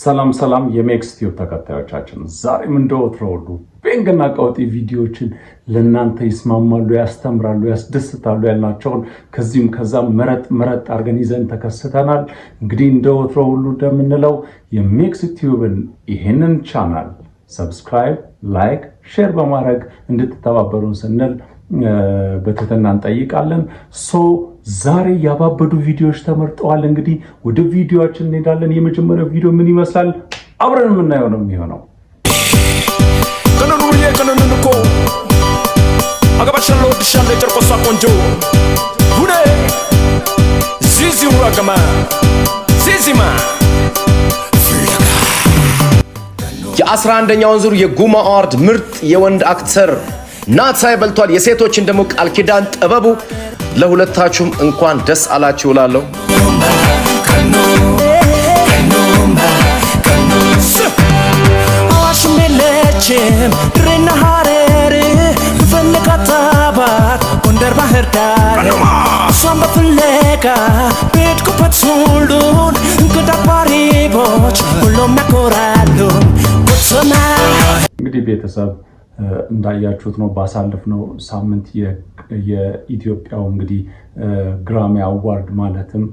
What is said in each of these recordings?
ሰላም ሰላም የሜክስ ቲዩብ ተከታዮቻችን፣ ዛሬም እንደወትሮ ሁሉ ቤንግና ቀውጢ ቪዲዮዎችን ለእናንተ ይስማማሉ፣ ያስተምራሉ፣ ያስደስታሉ ያልናቸውን ከዚህም ከዛም መረጥ መረጥ አድርገን ይዘን ተከስተናል። እንግዲህ እንደወትሮ ሁሉ እንደምንለው የሜክስ ቲዩብን ይህንን ቻናል ሰብስክራይብ፣ ላይክ፣ ሼር በማድረግ እንድትተባበሩን ስንል በትህትና እንጠይቃለን ሶ ዛሬ ያባበዱ ቪዲዮዎች ተመርጠዋል። እንግዲህ ወደ ቪዲዮችን እንሄዳለን። የመጀመሪያው ቪዲዮ ምን ይመስላል አብረን የምናየው ነው የሚሆነው። ቅንኑዬ ቅንኑን እኮ አገባሻለሁ፣ ቆንጆ ሁኔ ዚዚሩ አገማ ዚዚማ የአስራ አንደኛውን ዙር የጉማ አዋርድ ምርጥ የወንድ አክተር ናት በልቷል። የሴቶችን ደግሞ ቃል ኪዳን ጥበቡ ለሁለታችሁም እንኳን ደስ አላችሁ እላለሁ። አዋሽም የለችም ድሬና ሐረር ብፈልጋታባት ጎንደር ባህር ዳር እሷን በፍለጋ ቤድኩበት ሁሉን እንግዳ ባሪቦች ሁሉም ያኮራሉ እንግዲህ ቤተሰብ እንዳያችሁት ነው ባሳለፍነው ሳምንት የኢትዮጵያው እንግዲህ ግራሚ አዋርድ ማለትም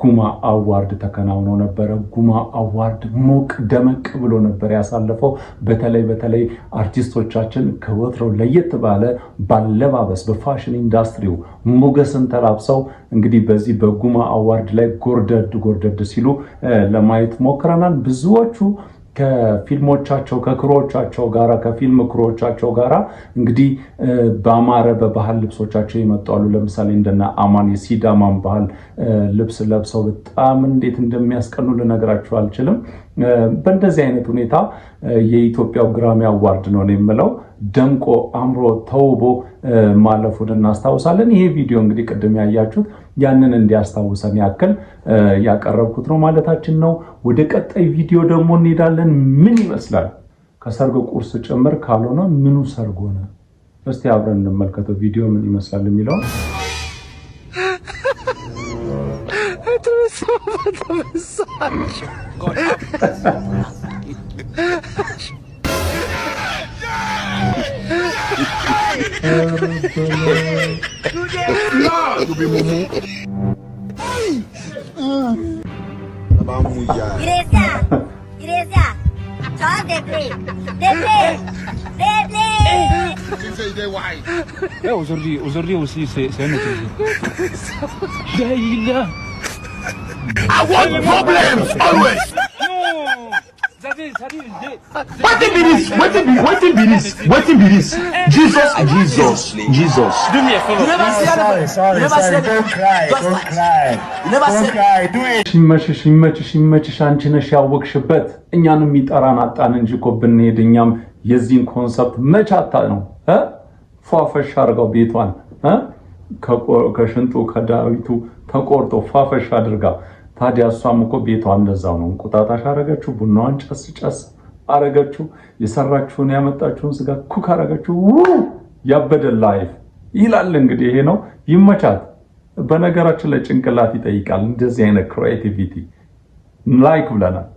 ጉማ አዋርድ ተከናውኖ ነበረ። ጉማ አዋርድ ሞቅ ደመቅ ብሎ ነበር ያሳለፈው። በተለይ በተለይ አርቲስቶቻችን ከወትሮው ለየት ባለ ባለባበስ በፋሽን ኢንዱስትሪው ሞገስን ተላብሰው እንግዲህ በዚህ በጉማ አዋርድ ላይ ጎርደድ ጎርደድ ሲሉ ለማየት ሞክረናል ብዙዎቹ ከፊልሞቻቸው ከክሮቻቸው ጋራ ከፊልም ክሮቻቸው ጋራ እንግዲህ በአማረ በባህል ልብሶቻቸው ይመጣሉ። ለምሳሌ እንደና አማን የሲዳማን ባህል ልብስ ለብሰው በጣም እንዴት እንደሚያስቀኑ ልነግራችሁ አልችልም። በእንደዚህ አይነት ሁኔታ የኢትዮጵያው ግራሚ አዋርድ ነው ነው የምለው ደምቆ አምሮ ተውቦ ማለፉን እናስታውሳለን። ይሄ ቪዲዮ እንግዲህ ቅድም ያያችሁት ያንን እንዲያስታውሰን ያክል ያቀረብኩት ነው ማለታችን ነው። ወደ ቀጣይ ቪዲዮ ደግሞ እንሄዳለን። ምን ይመስላል ከሰርግ ቁርስ ጭምር ካልሆነ ምኑ ሰርግ ሆነ? እስቲ አብረን እንመልከተው። ቪዲዮ ምን ይመስላል የሚለውን Lord, you be mumu. Baba mu ya. Iresia, Iresia, talk the play, the play, the play. Tu sais des why. Eh aujourd'hui, aujourd'hui aussi c'est c'est un autre jour. Daïla. I want problems always. What be this wetin be what be this What be this jesus jesus jesus. do me a favor. you never see anything. sorry sorry sorry don't cry don't cry don't cry do it. ይመችሽ ይመችሽ ይመችሽ አንቺ ነሽ ያወቅሽበት እኛንም ይጠራን አጣን እንጂ እኮ ብንሄድ እኛም የዚህን ኮንሰፕት መቻታ ነው ፏፈሽ አድርገው ቤቷን ከሽንጡ ከዳዊቱ ተቆርጦ ፏፈሽ አድርጋ ታዲያ እሷም እኮ ቤቷ እንደዛው ነው። እንቁጣጣሽ አረገችው፣ ቡናዋን ጨስ ጨስ አረገችው፣ የሰራችሁን ያመጣችሁን ስጋ ኩክ አረገችው። ው ያበደ ላይፍ ይላል እንግዲህ ይሄ ነው። ይመቻት። በነገራችን ላይ ጭንቅላት ይጠይቃል እንደዚህ አይነት ክሪቲቪቲ ላይክ ብለናል።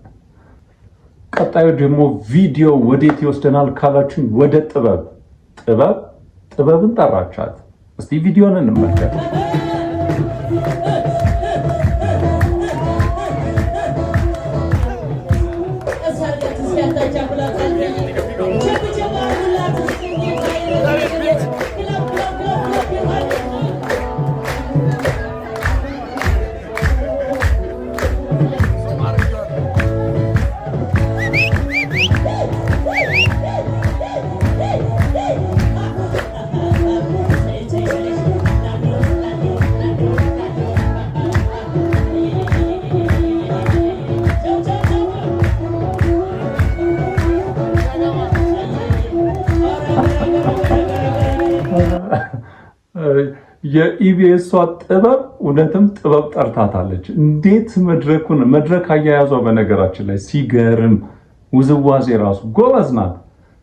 ቀጣዩ ደግሞ ቪዲዮ ወዴት ይወስደናል ካላችሁኝ ወደ ጥበብ ጥበብ ጥበብን ጠራቻት። እስቲ ቪዲዮን እንመልከት። የኢቢኤሷ ጥበብ እውነትም ጥበብ ጠርታታለች። እንዴት መድረኩን መድረክ አያያዟ በነገራችን ላይ ሲገርም፣ ውዝዋዜ ራሱ ጎበዝ ናት።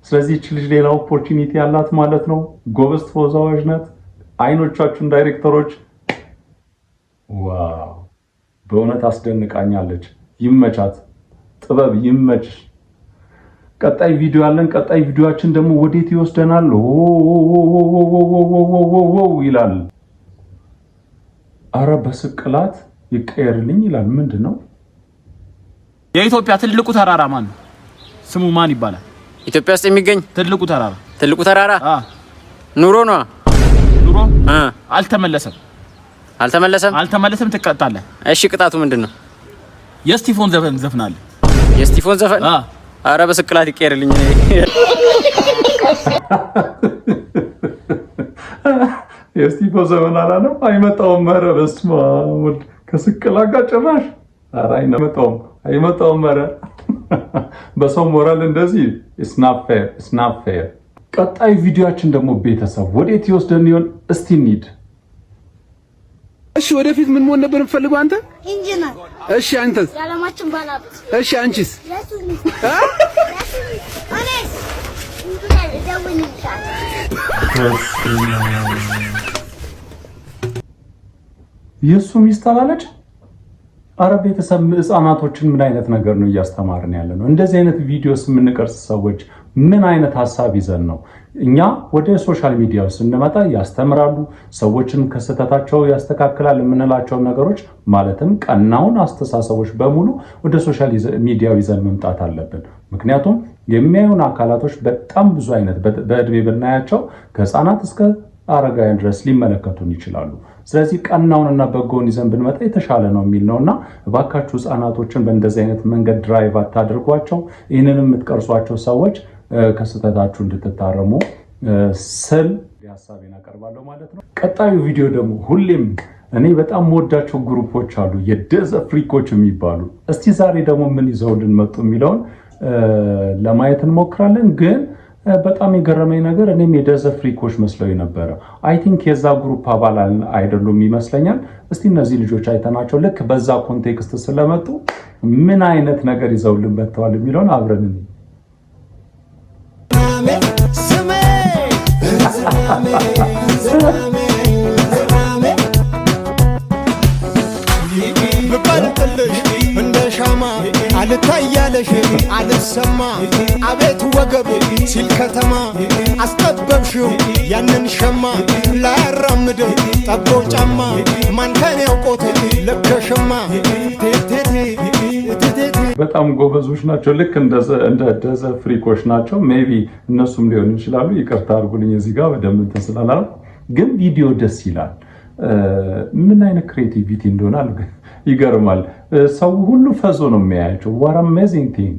ስለዚህ ይች ልጅ ሌላ ኦፖርቹኒቲ ያላት ማለት ነው። ጎበዝ ተወዛዋዥ ናት። አይኖቻችሁን ዳይሬክተሮች፣ ዋው በእውነት አስደንቃኛለች። ይመቻት ጥበብ ይመች። ቀጣይ ቪዲዮ ያለን ቀጣይ ቪዲዮአችን ደግሞ ወዴት ይወስደናል ይላል። አረ በስቅላት ይቀየርልኝ ይላል። ምንድን ነው? የኢትዮጵያ ትልቁ ተራራ ማን ነው? ስሙ ማን ይባላል? ኢትዮጵያ ውስጥ የሚገኝ ትልቁ ተራራ ትልቁ ተራራ ኑሮ ነው። ኑሮ አልተመለሰም፣ አልተመለሰም፣ አልተመለሰም። ትቀጣለህ። እሺ ቅጣቱ ምንድን ነው? የስቲፎን ዘፈን ዘፍናለ? የስቲፎን ዘፈን አረ በስቅላት ይቀየርልኝ የስቲፎ ዘመን ነው አይመጣውም። መረ በስመ አብ ወልድ ከስቅላጋ ጭራሽ አይመጣውም አይመጣውም። መረ በሰው ሞራል እንደዚህ ስናፌር። ቀጣይ ቪዲዮችን ደግሞ ቤተሰብ ወዴት ይወስደን ይሆን? እስቲ እንሂድ። እሺ ወደፊት ምን መሆን ነበር የምትፈልገው አንተ? ኢንጂነር። እሺ አንተስ? የዓለማችን ባለሀብት። እሺ አንቺስ? የእሱ ሚስት አላለች። አረ ቤተሰብ ህፃናቶችን ምን አይነት ነገር ነው እያስተማርን ያለ ነው? እንደዚህ አይነት ቪዲዮስ የምንቀርጽ ሰዎች ምን አይነት ሀሳብ ይዘን ነው? እኛ ወደ ሶሻል ሚዲያ ስንመጣ ያስተምራሉ፣ ሰዎችን ከስህተታቸው ያስተካክላል የምንላቸውን ነገሮች ማለትም ቀናውን አስተሳሰቦች በሙሉ ወደ ሶሻል ሚዲያው ይዘን መምጣት አለብን። ምክንያቱም የሚያዩን አካላቶች በጣም ብዙ አይነት በእድሜ ብናያቸው ከህፃናት እስከ አረጋውያን ድረስ ሊመለከቱን ይችላሉ። ስለዚህ ቀናውንና በጎውን ይዘን ብንመጣ የተሻለ ነው የሚል ነው እና እባካችሁ ህፃናቶችን በእንደዚህ አይነት መንገድ ድራይቭ አታድርጓቸው። ይህንን የምትቀርሷቸው ሰዎች ከስህተታችሁ እንድትታረሙ ስል ሀሳቤን አቀርባለሁ ማለት ነው። ቀጣዩ ቪዲዮ ደግሞ ሁሌም እኔ በጣም መወዳቸው ግሩፖች አሉ፣ የደዘ ፍሪኮች የሚባሉ እስቲ ዛሬ ደግሞ ምን ይዘውልን መጡ የሚለውን ለማየት እንሞክራለን። ግን በጣም የገረመኝ ነገር እኔም የደዘ ፍሪኮች መስለው ነበረ። አይ ቲንክ የዛ ግሩፕ አባል አይደሉም ይመስለኛል። እስቲ እነዚህ ልጆች አይተናቸው ልክ በዛ ኮንቴክስት ስለመጡ ምን አይነት ነገር ይዘውልን መጥተዋል የሚለውን አብረን እንደ ሻማ አልታያለሽ አልሰማ አቤት ወገብ ሲል ከተማ አስጠበብሽው ያንን ሸማ ላያራምድ ጠቦ ጫማ ማንተን ያውቆት ለከሸማ በጣም ጎበዞች ናቸው። ልክ እንደ ደዘ ፍሪኮች ናቸው። ሜይ እነሱም ሊሆን ይችላሉ። ይቅርታ አድርጉልኝ እዚህ ጋር በደንብ እንትን ስላላል፣ ግን ቪዲዮ ደስ ይላል። ምን አይነት ክሬቲቪቲ እንደሆነ ይገርማል። ሰው ሁሉ ፈዞ ነው የሚያያቸው። ዋር አሜዚንግ ቲንግ።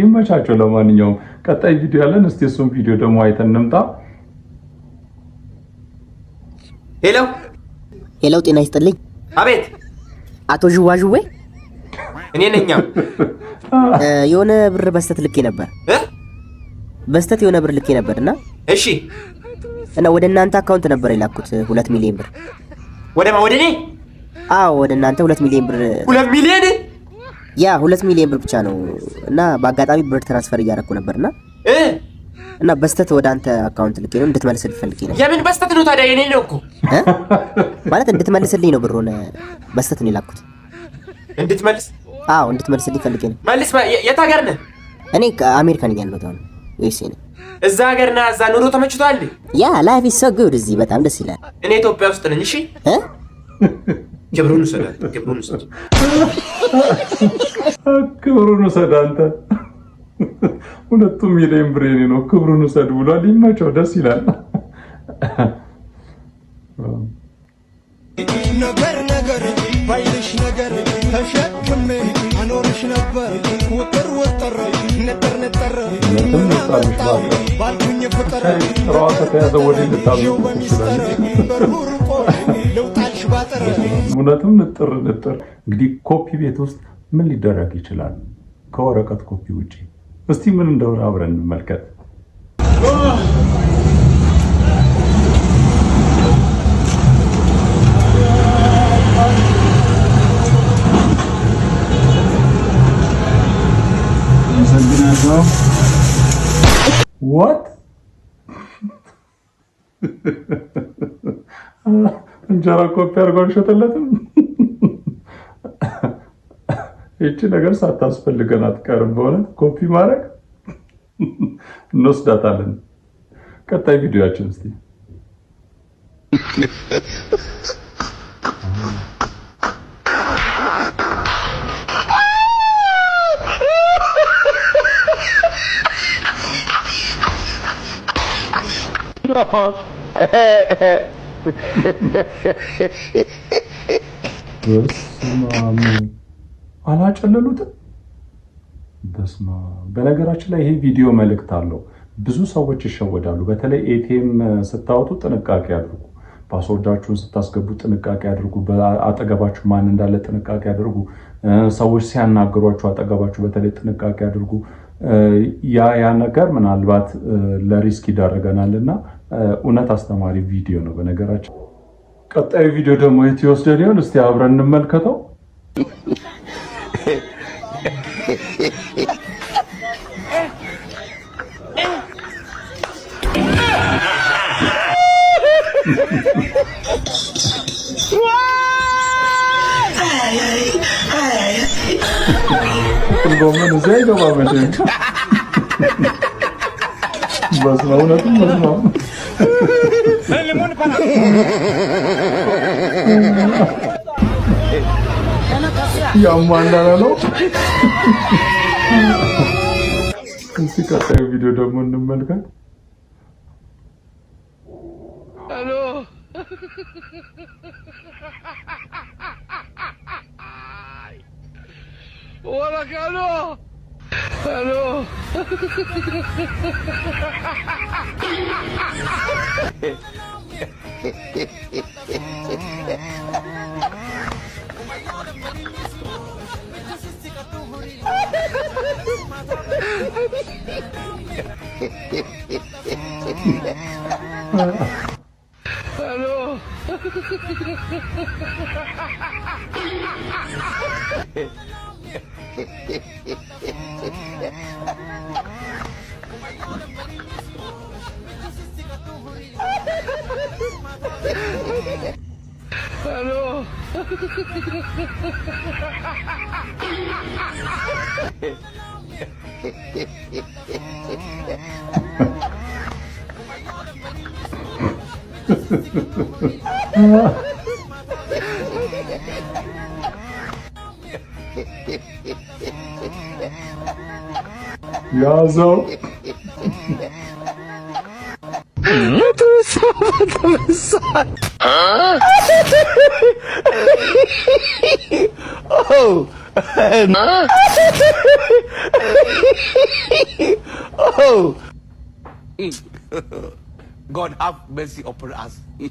ይመቻቸው። ለማንኛውም ቀጣይ ቪዲዮ ያለን እስቲ እሱን ቪዲዮ ደግሞ አይተን እንምጣ። ሄሎ ሄሎ፣ ጤና ይስጥልኝ። አቤት። አቶ ዥዋ ዥዌ፣ እኔ ነኛ። የሆነ ብር በስተት ልኬ ነበር በስተት የሆነ ብር ልኬ ነበር እና እሺ፣ እና ወደ እናንተ አካውንት ነበር የላኩት ሁለት ሚሊዮን ብር ወደ ወደ እኔ አዎ ወደ እናንተ ሁለት ሚሊዮን ብር ሁለት ሚሊዮን ያ ሁለት ሚሊዮን ብር ብቻ ነው እና በአጋጣሚ ብር ትራንስፈር እያደረኩ ነበርና እና በስተት ወደ አንተ አካውንት ልኬ ነው እንድትመልስልኝ ፈልጌ ነው። የምን በስተት ነው ታዲያ? የኔ ነው እኮ ማለት እንድትመልስልኝ ነው ብሩን በስተት ነው የላኩት። እንድትመልስ? አዎ እንድትመልስልኝ ፈልጌ ነው። መልስ። የት ሀገር ነህ? እኔ አሜሪካ ነኝ ያለሁት አሁን። ወይስ እኔ እዛ ሀገር ነህ? እዛ ኑሮ ተመችቷል? ያ ላይፍ ኢዝ ሶ ጉድ። እዚህ በጣም ደስ ይላል። እኔ ኢትዮጵያ ውስጥ ነኝ። እሺ ገብሩን ውሰዳል። ገብሩን ውሰድ። ክብሩን ውሰድ አንተ። ሁለቱም ሚሊዮን ብሬኔ ነው። ክብሩን ውሰድ ብሏል። ይመቸው፣ ደስ ይላል። ነገር ነገር ባይልሽ ነገር ተሸክሜ አኖርሽ ነበር ውጥር ውጥር ነጠር ነጠር ባልኩኝ ፍቅር በሚስጥር እውነትም ንጥር ንጥር። እንግዲህ ኮፒ ቤት ውስጥ ምን ሊደረግ ይችላል ከወረቀት ኮፒ ውጪ እስቲ ምን እንደሆነ አብረን እንመልከት። እንጀራ ኮፒ አድርጎ አልሸጠለትም። ይቺ ነገር ሳታስፈልገን አትቀርም። በእውነት ኮፒ ማድረግ እንወስዳታለን። ቀጣይ ቪዲዮያችን እስቲ አላጨለሉትም። በነገራችን ላይ ይሄ ቪዲዮ መልእክት አለው። ብዙ ሰዎች ይሸወዳሉ። በተለይ ኤቲኤም ስታወጡ ጥንቃቄ አድርጉ። ፓስወርዳችሁን ስታስገቡ ጥንቃቄ አድርጉ። አጠገባችሁ ማን እንዳለ ጥንቃቄ አድርጉ። ሰዎች ሲያናገሯችሁ አጠገባችሁ በተለይ ጥንቃቄ አድርጉ። ያ ያ ነገር ምናልባት ለሪስክ ይዳረገናል እና እውነት አስተማሪ ቪዲዮ ነው። በነገራችን ቀጣዩ ቪዲዮ ደግሞ የት ይወስደን ይሆን? እስቲ አብረን እንመልከተው። ጎመን እዚያ አይገባም። በእውነቱም መስማም ያማ para. ነው። እስቲ ቀጣዩ ቪዲዮ ደግሞ እንመልከት። ሄሎ Hello. Yazo. Hmm? Huh? oh. And huh? oh. God have mercy upon us.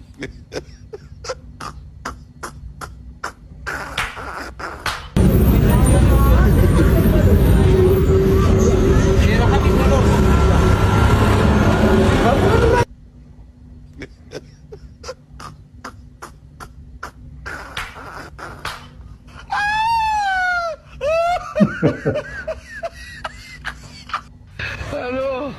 Alô?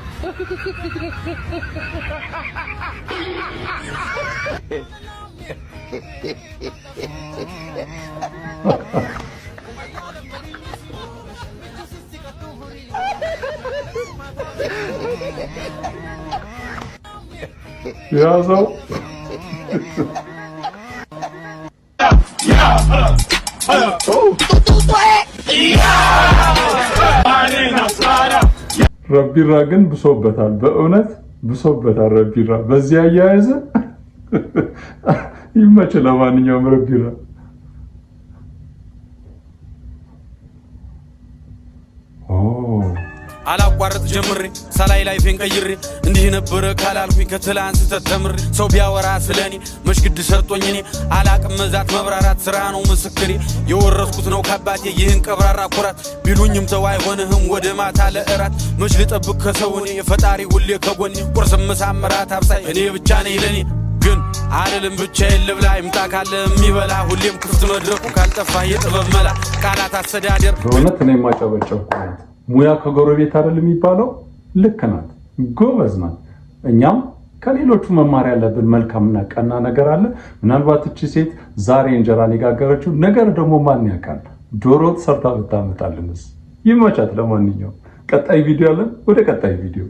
Yazão. Yeah, uh, ረቢራ ግን ብሶበታል። በእውነት ብሶበታል ረቢራ። በዚህ አያያዘ ይመች። ለማንኛውም ረቢራ አላቋረጥ ጀምሬ ሳላይ ላይ ቀይሬ እንዲህ ነበረ ካላልኩኝ ከትላንት ስተት ተምሬ ሰው ቢያወራ ስለኔ መሽግድ ሰጦኝ እኔ አላቅም መዛት መብራራት ስራ ነው ምስክሬ የወረስኩት ነው ከአባቴ ይህን ቀብራራ ኩራት ቢሉኝም ተው አይሆንህም ወደ ማታ ለእራት መች ልጠብቅ ከሰው እኔ የፈጣሪ ሁሌ ከጎኔ ቁርስ ምሳምራት አብሳይ እኔ ብቻ ነኝ ለኔ ግን አልልም ብቻ ልብላ ይምጣ ካለ የሚበላ ሁሌም ክፍት መድረኩ ካልጠፋ የጥበብ መላ ቃላት አስተዳደር በእውነት እኔ ማጨበጨብኩ ሙያ ከጎረቤት አይደል የሚባለው? ልክ ናት፣ ጎበዝ ናት። እኛም ከሌሎቹ መማር ያለብን መልካምና ቀና ነገር አለ። ምናልባት እቺ ሴት ዛሬ እንጀራን የጋገረችው ነገር ደግሞ ማን ያውቃል፣ ዶሮ ሰርታ ብታመጣልንስ? ይመቻት። ለማንኛውም ቀጣይ ቪዲዮ አለን። ወደ ቀጣይ ቪዲዮ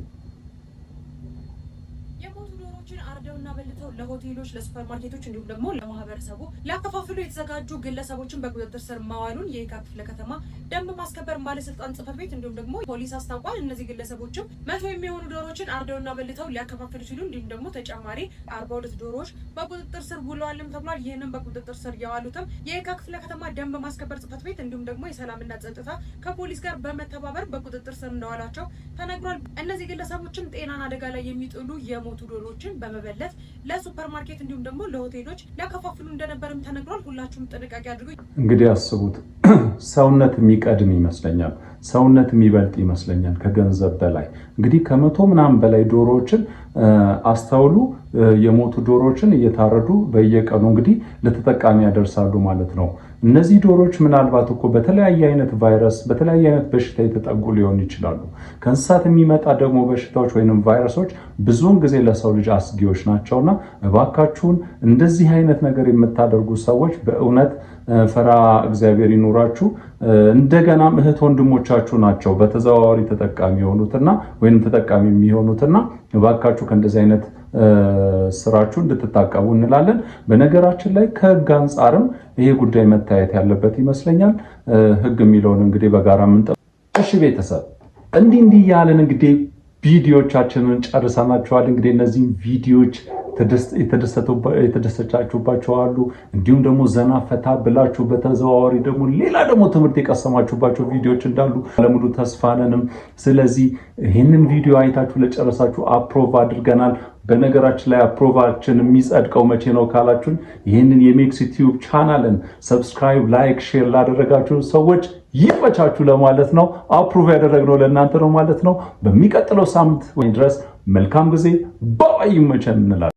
ለሆቴሎች፣ ለሱፐርማርኬቶች እንዲሁም ደግሞ ለማህበረሰቡ ሊያከፋፍሉ የተዘጋጁ ግለሰቦችን በቁጥጥር ስር ማዋሉን የካ ክፍለ ከተማ ደንብ ማስከበር ባለስልጣን ጽሕፈት ቤት እንዲሁም ደግሞ ፖሊስ አስታውቋል። እነዚህ ግለሰቦችም መቶ የሚሆኑ ዶሮዎችን አርደውና በልተው ሊያከፋፍሉ ሲሉ እንዲሁም ደግሞ ተጨማሪ አርባ ሁለት ዶሮዎች በቁጥጥር ስር ውለዋልም ተብሏል። ይህንም በቁጥጥር ስር የዋሉትም የካ ክፍለ ከተማ ደንብ ማስከበር ጽፈት ቤት እንዲሁም ደግሞ የሰላምና ጸጥታ ከፖሊስ ጋር በመተባበር በቁጥጥር ስር እንደዋላቸው ተነግሯል። እነዚህ ግለሰቦችም ጤናን አደጋ ላይ የሚጥሉ የሞቱ ዶሮዎችን በመበለት ለሱፐር ለሱፐርማርኬት እንዲሁም ደግሞ ለሆቴሎች ሊያከፋፍሉ እንደነበርም ተነግሯል። ሁላችሁም ጥንቃቄ አድርጉ። እንግዲህ አስቡት፣ ሰውነት የሚቀድም ይመስለኛል፣ ሰውነት የሚበልጥ ይመስለኛል ከገንዘብ በላይ። እንግዲህ ከመቶ ምናምን በላይ ዶሮዎችን አስተውሉ። የሞቱ ዶሮዎችን እየታረዱ በየቀኑ እንግዲህ ለተጠቃሚ ያደርሳሉ ማለት ነው። እነዚህ ዶሮዎች ምናልባት እኮ በተለያየ አይነት ቫይረስ በተለያየ አይነት በሽታ የተጠጉ ሊሆን ይችላሉ። ከእንስሳት የሚመጣ ደግሞ በሽታዎች ወይም ቫይረሶች ብዙውን ጊዜ ለሰው ልጅ አስጊዎች ናቸውና እባካችሁን እንደዚህ አይነት ነገር የምታደርጉ ሰዎች በእውነት ፈራ እግዚአብሔር ይኑራችሁ። እንደገናም እህት ወንድሞቻችሁ ናቸው በተዘዋዋሪ ተጠቃሚ የሆኑትና ወይም ተጠቃሚ የሚሆኑትና እባካችሁ ከእንደዚህ አይነት ስራችሁ እንድትታቀቡ እንላለን። በነገራችን ላይ ከህግ አንጻርም ይሄ ጉዳይ መታየት ያለበት ይመስለኛል። ህግ የሚለውን እንግዲህ በጋራ ምንጠ እሺ ቤተሰብ እንዲህ እንዲህ እያለን እንግዲህ ቪዲዮቻችንን ጨርሰናቸዋል። እንግዲህ እነዚህም ቪዲዮች የተደሰቻችሁባቸው አሉ፣ እንዲሁም ደግሞ ዘና ፈታ ብላችሁ በተዘዋዋሪ ደግሞ ሌላ ደግሞ ትምህርት የቀሰማችሁባቸው ቪዲዮዎች እንዳሉ ለሙሉ ተስፋ ነንም። ስለዚህ ይህንን ቪዲዮ አይታችሁ ለጨረሳችሁ አፕሮቭ አድርገናል። በነገራችን ላይ አፕሮቫችን የሚጸድቀው መቼ ነው ካላችሁን ይህንን የሜክስ ዩቲዩብ ቻናልን ሰብስክራይብ፣ ላይክ፣ ሼር ላደረጋችሁ ሰዎች ይመቻችሁ ለማለት ነው። አፕሮቭ ያደረግነው ለእናንተ ነው ማለት ነው። በሚቀጥለው ሳምንት ወይ ድረስ መልካም ጊዜ በይ ይመቸን እንላለን።